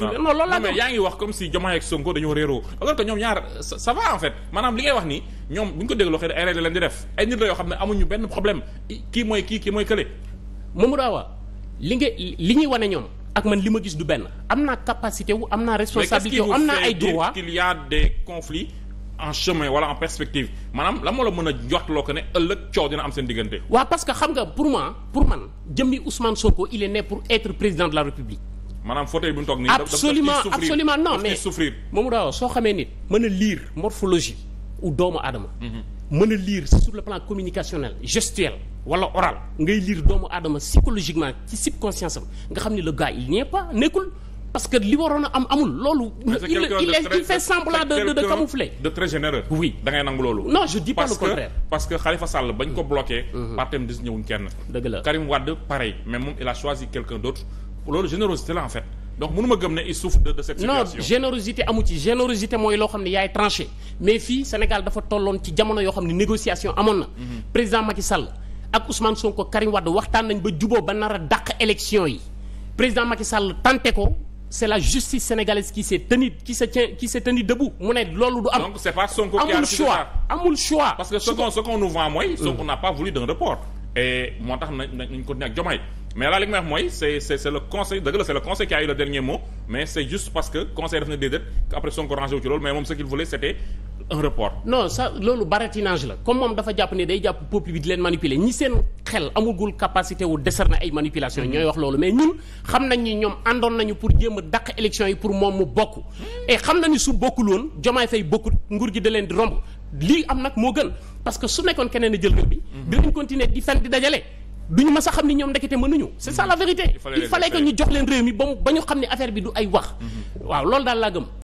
non loolu laa mais yaa ngi wax comme si Diomaye ak Sonko dañoo réeroo alors que ñoom ñaar ça va en fait maanaam li ngay wax ni ñoom bu ñu ko dégloo xëy na ay réer leen di def ay nit la yoo xam ne amuñu benn problème kii mooy kii kii mooy kële. Mamadou Awa li nga li ñuy wane ñoom ak man li ma gis du benn am naa capacité wu am naa responsabilité wu am naa ay droit mais qu'est-ce qui vous fait dire qu'il en chemin wala en perspective maanaam la moo la mën a jotloo ko ne ëllëg coow dina am seen diggante. waaw parce que xam nga pour moi pour man jëmmi Ousmane Sonko il est pour être président de la maanaam fauteuil bu ñu toog nii. absolument absolument non mais moom daaw soo xamee nit mën a lire morphologie u doomu aadama. Mhm. mën a lire sur le plan communicationnel gestuel wala oral ngay lire doomu aadama psychologiquement ci subconscience am nga xam ni le gars il n'y est pas nekkul. parce que li waroon a am amul loolu. Ah, il il il fait semblant de de de camoufler. de très généreux. oui da ngay nangu loolu. non je dis pas le contraire parce que parce que bañ ko bloqué. Mhm. loolu générosité la en fait donc mënu gëm ne il souffre de de cette situation générosité amu ci générosité mooy loo xam ne yaay tranché mais fii Sénégal dafa tolloon ci jamono yoo xam ne négociation amoon na. Mhm. président Macky Sall ak Ousmane Sonko Karim Wade waxtaan nañ ba jubo ba nara a dàq élection yi président Macky Sall tenté ko. c'est la justice sénégalaise qui s'est tenue qui se tient qui mu ne loolu du am. donc amul choix amul choix. parce que ce qu'on ce et moo tax nañ nañ continuer ak Diomaye mais laa li may wax mooy c'est c'est c'est le conseil dëgg la c'est le conseil qui a eu le dernier mot mais c'est juste parce que conseil def na déedéet après Sonko rangé wu ci loolu mais moom ce qu'il voulait c'était un report. non ça loolu baratinage la comme moom dafa jàpp ne day jàpp peuple bi di leen manipuler ñi seen xel amugul capacité wu décerner ay manipulation ñooy wax loolu mais ñun xam nañ ni ñoom àndoon nañu pour jéem a dàq élection yi pour moom mu bokk. et xam na ni su bokkul woon Diomaye Faye bokkut nguur gi da leen di romb lii am nag moo gën. parce que su nekkoon keneen a jël kër bi. Mhm. dinañ continuer di fen di dajale. duñu mas a xam ni ñoom ndekete mënuñu c'est ça la vérité. il fallait que ñu jox leen réew mi ba mu ba ñu xam ne affaire bi du ay wax. Mhm. waaw loolu daal laa gëm.